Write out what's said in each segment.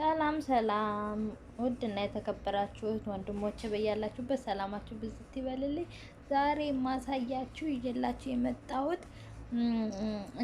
ሰላም ሰላም ውድና የተከበራችሁት ወንድሞች በያላችሁበት ሰላማችሁ ብዝት ይበልልኝ። ዛሬ ማሳያችሁ ይዤላችሁ የመጣሁት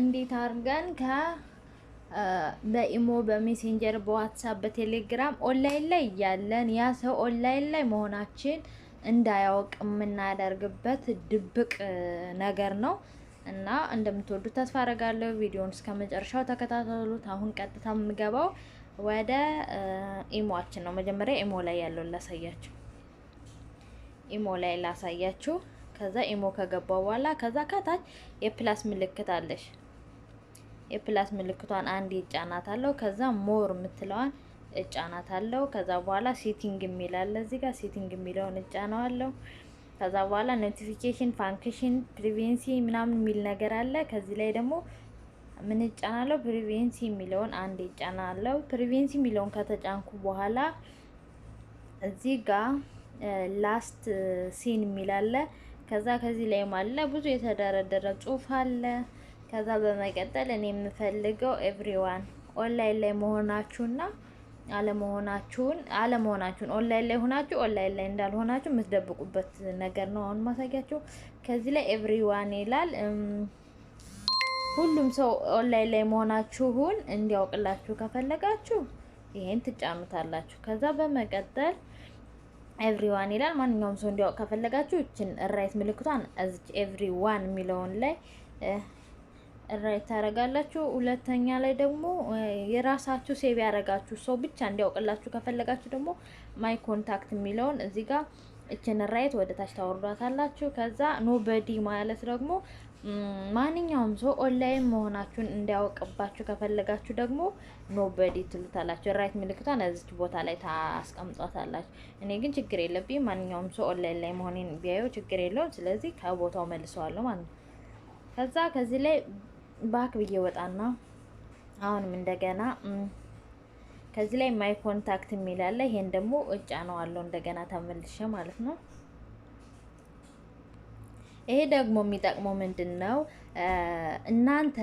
እንዴት አድርገን ከ በኢሞ በሜሴንጀር በዋትሳፕ በቴሌግራም ኦንላይን ላይ እያለን ያ ሰው ኦንላይን ላይ መሆናችን እንዳያውቅ የምናደርግበት ድብቅ ነገር ነው እና እንደምትወዱት ተስፋ አደርጋለሁ። ቪዲዮውን እስከ መጨረሻው ተከታተሉት። አሁን ቀጥታ የምገባው ወደ ኢሞአችን ነው። መጀመሪያ ኢሞ ላይ ያለውን ላሳያችሁ። ኢሞ ላይ ላሳያችሁ። ከዛ ኢሞ ከገባ በኋላ ከዛ ከታች የፕላስ ምልክት አለሽ። የፕላስ ምልክቷን አንድ እጫናት አለው። ከዛ ሞር የምትለዋን እጫናት አለው። ከዛ በኋላ ሴቲንግ የሚል አለ እዚህ ጋር ሴቲንግ የሚለውን እጫነው አለው። ከዛ በኋላ ኖቲፊኬሽን ፋንክሽን፣ ፕሪቬንሲ ምናምን የሚል ነገር አለ። ከዚህ ላይ ደግሞ ምን እጫናለሁ? ፕሪቬንሲ የሚለውን አንድ እጫናለሁ። ፕሪቬንሲ የሚለውን ከተጫንኩ በኋላ እዚህ ጋር ላስት ሲን የሚላለ ከዛ ከዚህ ላይ ማለ ብዙ የተደረደረ ጽሁፍ አለ። ከዛ በመቀጠል እኔ የምፈልገው ኤቭሪዋን ኦንላይን ላይ መሆናችሁና አለመሆናችሁን አለመሆናችሁን ኦንላይን ላይ ሆናችሁ ኦንላይን ላይ እንዳልሆናችሁ የምትደብቁበት ነገር ነው አሁን ማሳያችሁ። ከዚህ ላይ ኤቭሪዋን ይላል። ሁሉም ሰው ኦንላይን ላይ መሆናችሁን እንዲያውቅላችሁ ከፈለጋችሁ ይሄን ትጫኑታላችሁ። ከዛ በመቀጠል ኤቭሪዋን ይላል። ማንኛውም ሰው እንዲያውቅ ከፈለጋችሁ እችን ራይት ምልክቷን እዚች ኤቭሪዋን የሚለውን ላይ ራይት ታደርጋላችሁ። ሁለተኛ ላይ ደግሞ የራሳችሁ ሴቭ ያደረጋችሁ ሰው ብቻ እንዲያውቅላችሁ ከፈለጋችሁ ደግሞ ማይ ኮንታክት የሚለውን እዚህ ጋር እችን ራይት ወደ ታች ታወርዷታላችሁ። ከዛ ኖበዲ ማለት ደግሞ ማንኛውም ሰው ኦንላይን መሆናችሁን እንዲያውቅባችሁ ከፈለጋችሁ ደግሞ ኖበዲ ትሉታላችሁ። ራይት ምልክቷን እዚች ቦታ ላይ ታስቀምጧታላችሁ። እኔ ግን ችግር የለብኝ። ማንኛውም ሰው ኦንላይን ላይ መሆኔን ቢያየው ችግር የለውም። ስለዚህ ከቦታው መልሰዋለሁ ማለት ነው። ከዛ ከዚህ ላይ ባክ ብዬ ወጣና አሁንም እንደገና ከዚህ ላይ ማይ ኮንታክት የሚላለ ይሄን ደግሞ አለው እንደገና ተመልሼ ማለት ነው። ይሄ ደግሞ የሚጠቅመው ምንድን ነው? እናንተ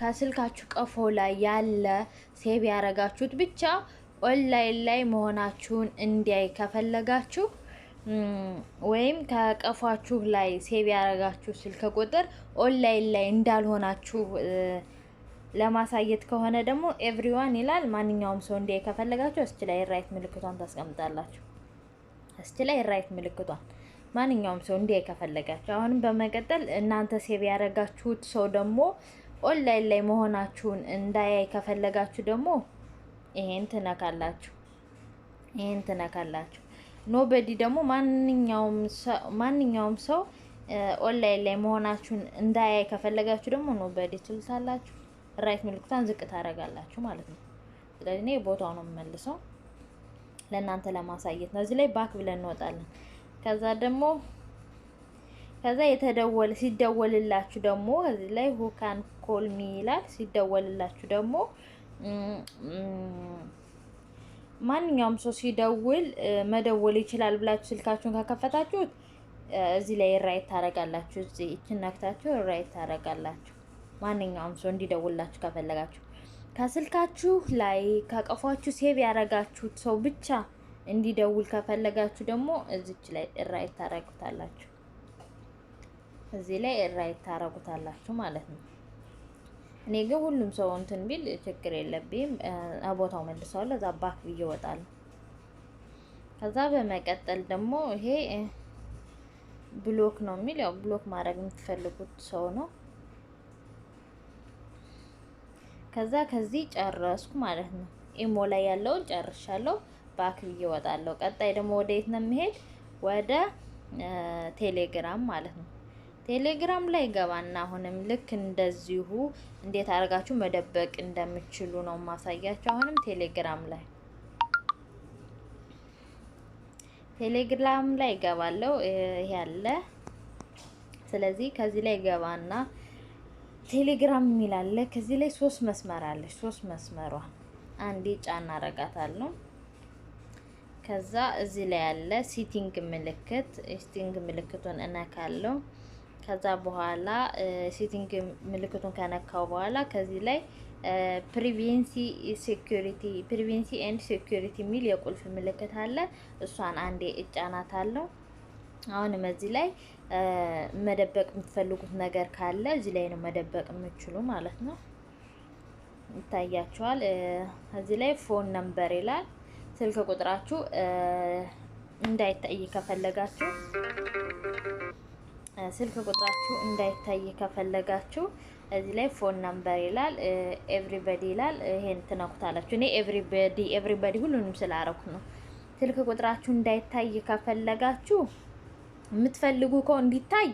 ከስልካችሁ ቀፎ ላይ ያለ ሴብ ያረጋችሁት ብቻ ኦንላይን ላይ መሆናችሁን እንዲያይ ከፈለጋችሁ ወይም ከቀፏችሁ ላይ ሴቭ ያረጋችሁ ስልክ ቁጥር ኦንላይን ላይ እንዳልሆናችሁ ለማሳየት ከሆነ ደግሞ ኤቭሪዋን ይላል። ማንኛውም ሰው እንዲያይ ከፈለጋችሁ እስቲ ላይ ራይት ምልክቷን ታስቀምጣላችሁ። እስቲ ላይ ራይት ምልክቷን ማንኛውም ሰው እንዲያይ ከፈለጋችሁ፣ አሁንም በመቀጠል እናንተ ሴቭ ያደረጋችሁት ሰው ደግሞ ኦንላይን ላይ መሆናችሁን እንዳያይ ከፈለጋችሁ ደግሞ ይሄን ትነካላችሁ። ይሄን ትነካላችሁ። ኖበዲ ደግሞ ማንኛውም ሰው ኦንላይን ላይ መሆናችሁን እንዳያይ ከፈለጋችሁ ደግሞ ኖበዲ ትልታላችሁ። ራይት ምልክቷን ዝቅ ታደርጋላችሁ ማለት ነው። ስለዚህ እኔ ቦታው ነው የምመልሰው ለእናንተ ለማሳየት ነው። እዚህ ላይ ባክ ብለን እንወጣለን። ከዛ ደግሞ ከዛ የተደወለ ሲደወልላችሁ ደግሞ እዚህ ላይ ሁካን ኮልሚ ይላል። ሲደወልላችሁ ደግሞ ማንኛውም ሰው ሲደውል መደወል ይችላል ብላችሁ ስልካችሁን ከከፈታችሁት እዚህ ላይ ራይት ታረጋላችሁ። እዚህ እችናክታችሁ ራይት ታረጋላችሁ። ማንኛውም ሰው እንዲደውልላችሁ ከፈለጋችሁ ከስልካችሁ ላይ ከቀፏችሁ ሴቭ ያረጋችሁት ሰው ብቻ እንዲደውል ከፈለጋችሁ ደግሞ እዚች ላይ ራይት ታረጉታላችሁ። እዚህ ላይ ራይት ታረጉታላችሁ ማለት ነው። እኔ ግን ሁሉም ሰው እንትን ቢል ችግር የለብኝም። ቦታው መልሰዋለሁ። እዛ ባክ ብዬ እወጣለሁ። ከዛ በመቀጠል ደግሞ ይሄ ብሎክ ነው የሚል ያው ብሎክ ማድረግ የምትፈልጉት ሰው ነው። ከዛ ከዚህ ጨረስኩ ማለት ነው። ኢሞ ላይ ያለውን ጨርሻለሁ። ባክ ብዬ እወጣለሁ። ቀጣይ ደግሞ ወደ የት ነው የሚሄድ? ወደ ቴሌግራም ማለት ነው። ቴሌግራም ላይ ገባና አሁንም ልክ እንደዚሁ እንዴት አድርጋችሁ መደበቅ እንደምችሉ ነው ማሳያቸው። አሁንም ቴሌግራም ላይ ቴሌግራም ላይ ገባለው ያለ ስለዚህ ከዚህ ላይ ገባና ቴሌግራም የሚል አለ። ከዚህ ላይ ሶስት መስመር አለች። ሶስት መስመሯ አንዴ ጫና አረጋታለሁ። ከዛ እዚህ ላይ ያለ ሲቲንግ ምልክት ሲቲንግ ምልክቱን እነካለው። ከዛ በኋላ ሲቲንግ ምልክቱን ከነካው በኋላ ከዚህ ላይ ፕሪቬንሲ ሴኩሪቲ ፕሪቬንሲ ኤንድ ሴኩሪቲ የሚል የቁልፍ ምልክት አለ። እሷን አንዴ እጫናት አለው። አሁንም እዚህ ላይ መደበቅ የምትፈልጉት ነገር ካለ እዚህ ላይ ነው መደበቅ የምችሉ ማለት ነው። ይታያቸዋል። እዚህ ላይ ፎን ነምበር ይላል። ስልክ ቁጥራችሁ እንዳይታይ ከፈለጋችሁ ስልክ ቁጥራችሁ እንዳይታይ ከፈለጋችሁ እዚህ ላይ ፎን ነምበር ይላል፣ ኤቭሪበዲ ይላል። ይሄን ትነኩታላችሁ። እኔ ኤቭሪበዲ ኤቭሪበዲ ሁሉንም ስላረኩ ነው። ስልክ ቁጥራችሁ እንዳይታይ ከፈለጋችሁ የምትፈልጉ ከሆነ እንዲታይ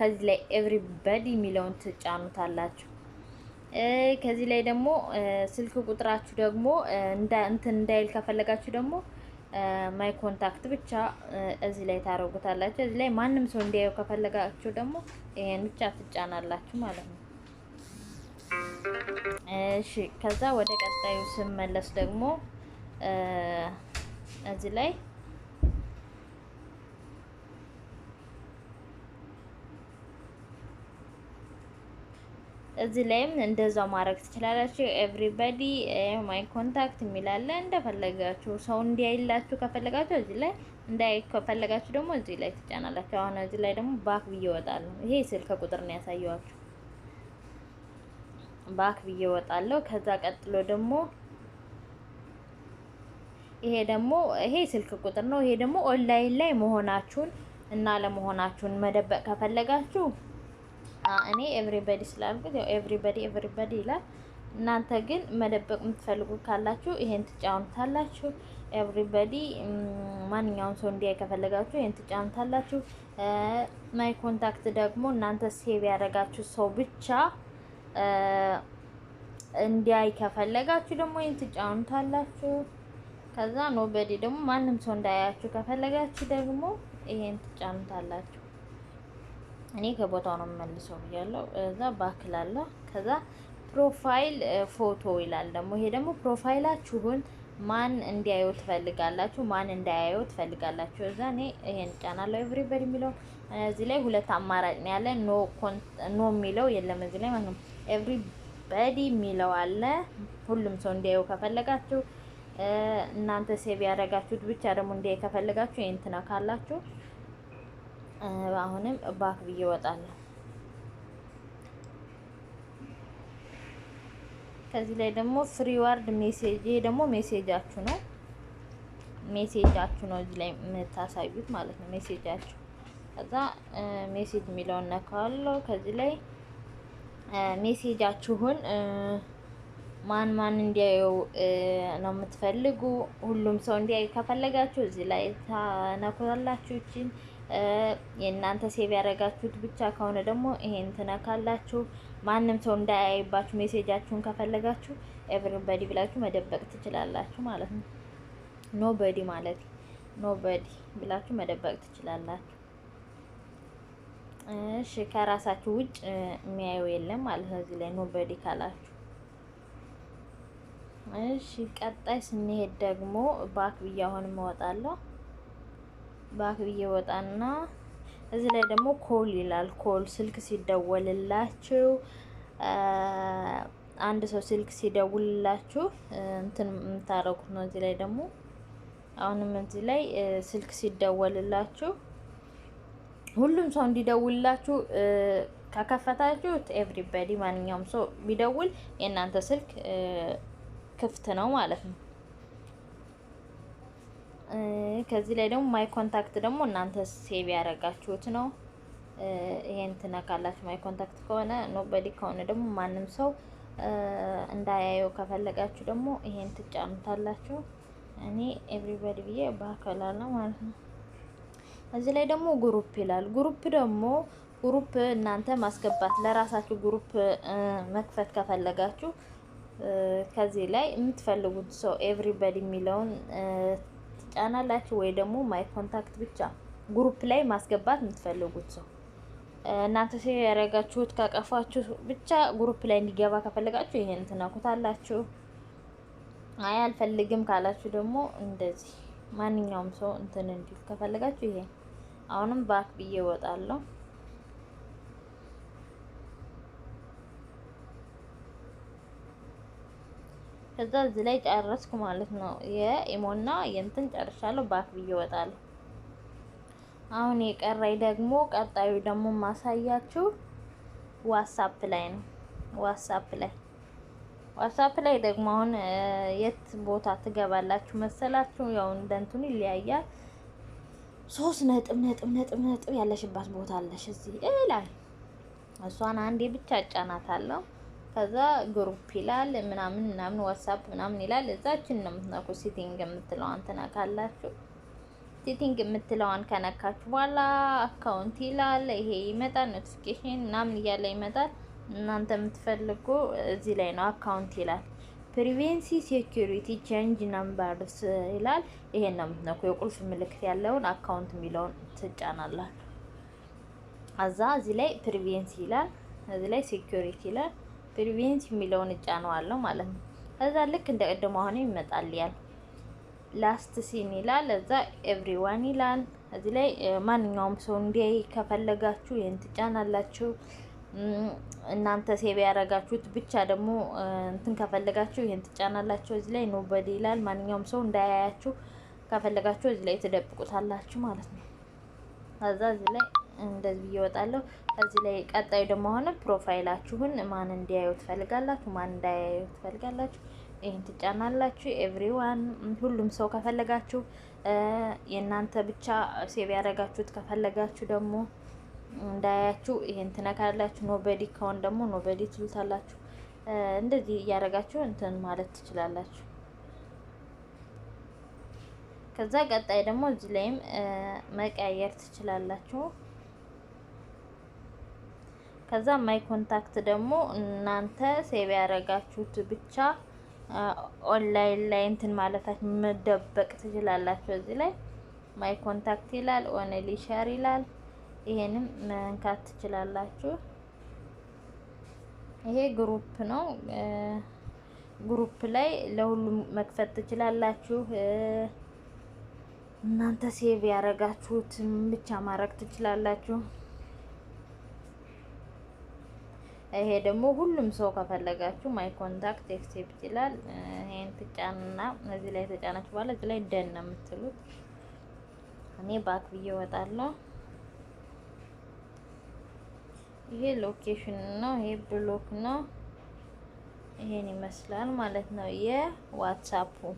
ከዚህ ላይ ኤቭሪበዲ የሚለውን ትጫኑታላችሁ። ከዚህ ላይ ደግሞ ስልክ ቁጥራችሁ ደግሞ እንትን እንዳይል ከፈለጋችሁ ደግሞ ማይ ኮንታክት ብቻ እዚህ ላይ ታደርጉታላችሁ። እዚህ ላይ ማንም ሰው እንዲያየው ከፈለጋችሁ ደግሞ ይሄን ብቻ ትጫናላችሁ ማለት ነው። እሺ፣ ከዛ ወደ ቀጣዩ ስመለስ ደግሞ እዚህ ላይ እዚህ ላይም እንደዛው ማድረግ ትችላላችሁ። ኤቭሪባዲ ማይ ኮንታክት የሚላለ እንደፈለጋችሁ ሰው እንዲያይላችሁ ከፈለጋችሁ እዚህ ላይ እንዳይ ከፈለጋችሁ ደግሞ እዚህ ላይ ትጫናላችሁ። አሁን እዚህ ላይ ደግሞ ባክ ብዬ እወጣለሁ። ይሄ ስልክ ቁጥር ነው ያሳየዋችሁ። ባክ ብዬ እወጣለሁ። ከዛ ቀጥሎ ደግሞ ይሄ ደግሞ ይሄ ስልክ ቁጥር ነው። ይሄ ደግሞ ኦንላይን ላይ መሆናችሁን እና ለመሆናችሁን መደበቅ ከፈለጋችሁ እኔ ኤቭሪበዲ ስላልኩት ያው ኤቭሪበዲ ኤቭሪበዲ ይላል። እናንተ ግን መደበቅ የምትፈልጉ ካላችሁ ይሄን ትጫኑታላችሁ። ኤቭሪበዲ ማንኛውም ሰው እንዲያይ ከፈለጋችሁ ይሄን ትጫኑታላችሁ። ማይ ኮንታክት ደግሞ እናንተ ሴቭ ያደረጋችሁ ሰው ብቻ እንዲያይ ከፈለጋችሁ ደግሞ ይሄን ትጫኑታላችሁ። ከዛ ኖበዲ ደግሞ ማንም ሰው እንዳያያችሁ ከፈለጋችሁ ደግሞ ይሄን ትጫኑታላችሁ። እኔ ከቦታው ነው የምመልሰው ብያለሁ። እዛ ባክላለ ከዛ ፕሮፋይል ፎቶ ይላል ደግሞ ይሄ ደግሞ ፕሮፋይላችሁን ማን እንዲያየው ትፈልጋላችሁ? ማን እንዳያየው ትፈልጋላችሁ? እዛ እኔ ይሄን ጫናለሁ። ኤቭሪበዲ የሚለው እዚህ ላይ ሁለት አማራጭ ነው ያለ። ኖ ኖ የሚለው የለም እዚህ ላይ ማለት ነው። ኤቭሪበዲ የሚለው አለ። ሁሉም ሰው እንዲያየው ከፈለጋችሁ እናንተ ሴቭ ያደረጋችሁት ብቻ ደግሞ እንዲያይ ከፈለጋችሁ ይሄን ትነካላችሁ። አሁንም ባክ ብዬ እወጣለሁ። ከዚህ ላይ ደግሞ ፍሪ ዋርድ ሜሴጅ፣ ይሄ ደግሞ ሜሴጃችሁ ነው። ሜሴጃችሁ ነው እዚህ ላይ የምታሳዩት ማለት ነው። ሜሴጃችሁ ከዛ ሜሴጅ የሚለውን ነካዋለሁ። ከዚህ ላይ ሜሴጃችሁን ማን ማን እንዲያየው ነው የምትፈልጉ? ሁሉም ሰው እንዲያዩ ከፈለጋችሁ እዚህ ላይ ታነኩታላችሁ። እቺን የእናንተ ሴቭ ያደረጋችሁት ብቻ ከሆነ ደግሞ ይሄን ትነካላችሁ። ማንም ሰው እንዳያይባችሁ ሜሴጃችሁን ከፈለጋችሁ ኤቭሪበዲ ብላችሁ መደበቅ ትችላላችሁ ማለት ነው። ኖበዲ ማለት ኖበዲ ብላችሁ መደበቅ ትችላላችሁ። እሺ ከራሳችሁ ውጭ የሚያዩ የለም ማለት ነው። እዚህ ላይ ኖበዲ ካላችሁ እሺ። ቀጣይ ስንሄድ ደግሞ ባክ ብዬ አሁን እወጣለሁ። ባክ ብዬ ወጣና እዚህ ላይ ደግሞ ኮል ይላል። ኮል ስልክ ሲደወልላችሁ አንድ ሰው ስልክ ሲደውልላችሁ እንትን የምታረጉት ነው። እዚህ ላይ ደግሞ አሁንም እዚህ ላይ ስልክ ሲደወልላችሁ ሁሉም ሰው እንዲደውልላችሁ ከከፈታችሁት ኤቭሪባዲ ማንኛውም ሰው ቢደውል የእናንተ ስልክ ክፍት ነው ማለት ነው። ከዚህ ላይ ደግሞ ማይ ኮንታክት ደግሞ እናንተ ሴቭ ያደረጋችሁት ነው። ይሄን ትነካላችሁ። ማይ ኮንታክት ከሆነ ኖበዲ ከሆነ ደግሞ ማንም ሰው እንዳያየው ከፈለጋችሁ ደግሞ ይሄን ትጫኑታላችሁ። እኔ ኤቭሪባዲ ብዬ ባከላል ነው ማለት ነው። እዚህ ላይ ደግሞ ግሩፕ ይላል። ግሩፕ ደግሞ ግሩፕ እናንተ ማስገባት ለራሳችሁ ግሩፕ መክፈት ከፈለጋችሁ ከዚህ ላይ የምትፈልጉት ሰው ኤቭሪባዲ የሚለውን ትጫናላችሁ ወይ ደግሞ ማይ ኮንታክት ብቻ ግሩፕ ላይ ማስገባት የምትፈልጉት ሰው እናንተ ሴ ያደረጋችሁት ካቀፋችሁ ብቻ ግሩፕ ላይ እንዲገባ ከፈለጋችሁ ይሄን ትነኩታላችሁ። አይ አልፈልግም ካላችሁ ደግሞ እንደዚህ ማንኛውም ሰው እንትን እንዲል ከፈለጋችሁ ይሄን አሁንም ባክ ብዬ እወጣለሁ። ከዛ እዚህ ላይ ጨረስኩ ማለት ነው። የኢሞና የእንትን ጨርሻለሁ። ባክ ብዬ እወጣለሁ። አሁን የቀረኝ ደግሞ ቀጣዩ ደግሞ ማሳያችሁ ዋትሳፕ ላይ ነው። ዋትሳፕ ላይ ዋትሳፕ ላይ ደግሞ አሁን የት ቦታ ትገባላችሁ መሰላችሁ? ያው እንደንቱን ይለያያል። ሶስት ነጥብ ነጥብ ነጥብ ነጥብ ያለሽባት ቦታ አለሽ እዚህ ላይ እሷን አንዴ ብቻ እጫናታለሁ። ከዛ ግሩፕ ይላል ምናምን ምናምን ዋትሳፕ ምናምን ይላል። እዛችን ነው የምትነኩት። ሴቲንግ የምትለዋን ትነካላችሁ። ሴቲንግ የምትለዋን ከነካችሁ በኋላ አካውንት ይላል። ይሄ ይመጣል፣ ኖቲፊኬሽን ምናምን እያለ ይመጣል። እናንተ የምትፈልጉ እዚህ ላይ ነው። አካውንት ይላል። ፕሪቬንሲ ሴኪሪቲ ቼንጅ ነምበርስ ይላል። ይሄን ነው የምትነኩ። የቁልፍ ምልክት ያለውን አካውንት የሚለውን ትጫናላችሁ። አዛ እዚህ ላይ ፕሪቬንሲ ይላል፣ እዚህ ላይ ሴኪሪቲ ይላል ፕሪቪንስ የሚለውን እጫነዋለሁ ማለት ነው። ከዛ ልክ እንደ ቀደሙ አሁን ይመጣል ያል ላስት ሲን ይላል። እዛ ኤቭሪዋን ይላል። እዚህ ላይ ማንኛውም ሰው እንዲያይ ከፈለጋችሁ ይህን ትጫናላችሁ። እናንተ ሴብ ያደረጋችሁት ብቻ ደግሞ እንትን ከፈለጋችሁ ይህን ትጫናላችሁ። እዚህ ላይ ኖበዲ ይላል። ማንኛውም ሰው እንዳያያችሁ ከፈለጋችሁ እዚህ ላይ ትደብቁታላችሁ ማለት ነው። ከዛ እዚህ ላይ እንደዚህ እየወጣለሁ። ከዚህ ላይ ቀጣዩ ደግሞ ሆነ ፕሮፋይላችሁን ማን እንዲያዩ ትፈልጋላችሁ፣ ማን እንዳያዩ ትፈልጋላችሁ። ይህን ትጫናላችሁ። ኤቭሪዋን ሁሉም ሰው ከፈለጋችሁ የእናንተ ብቻ ሴቭ ያደረጋችሁት ከፈለጋችሁ ደግሞ እንዳያችሁ ይህን ትነካላችሁ። ኖበዲ ከሆን ደግሞ ኖበዲ ትሉታላችሁ። እንደዚህ እያደረጋችሁ እንትን ማለት ትችላላችሁ። ከዛ ቀጣይ ደግሞ እዚህ ላይም መቀያየር ትችላላችሁ። ከዛ ማይ ኮንታክት ደግሞ እናንተ ሴቭ ያደረጋችሁት ብቻ ኦንላይን ላይ እንትን ማለታችሁ መደበቅ ትችላላችሁ። እዚህ ላይ ማይ ኮንታክት ይላል፣ ኦንሊ ሼር ይላል። ይሄንም መንካት ትችላላችሁ። ይሄ ግሩፕ ነው። ግሩፕ ላይ ለሁሉም መክፈት ትችላላችሁ። እናንተ ሴቭ ያደረጋችሁትን ብቻ ማድረግ ትችላላችሁ። ይሄ ደግሞ ሁሉም ሰው ከፈለጋችሁ ማይ ኮንታክት ኤክሴፕት ይላል። ይሄን ትጫንና እዚህ ላይ ተጫናችሁ በኋላ እዚህ ላይ ደን ነው የምትሉት። እኔ ባክ ብዬ እወጣለሁ። ይሄ ሎኬሽን ነው። ይሄ ብሎክ ነው። ይሄን ይመስላል ማለት ነው የዋትሳፑ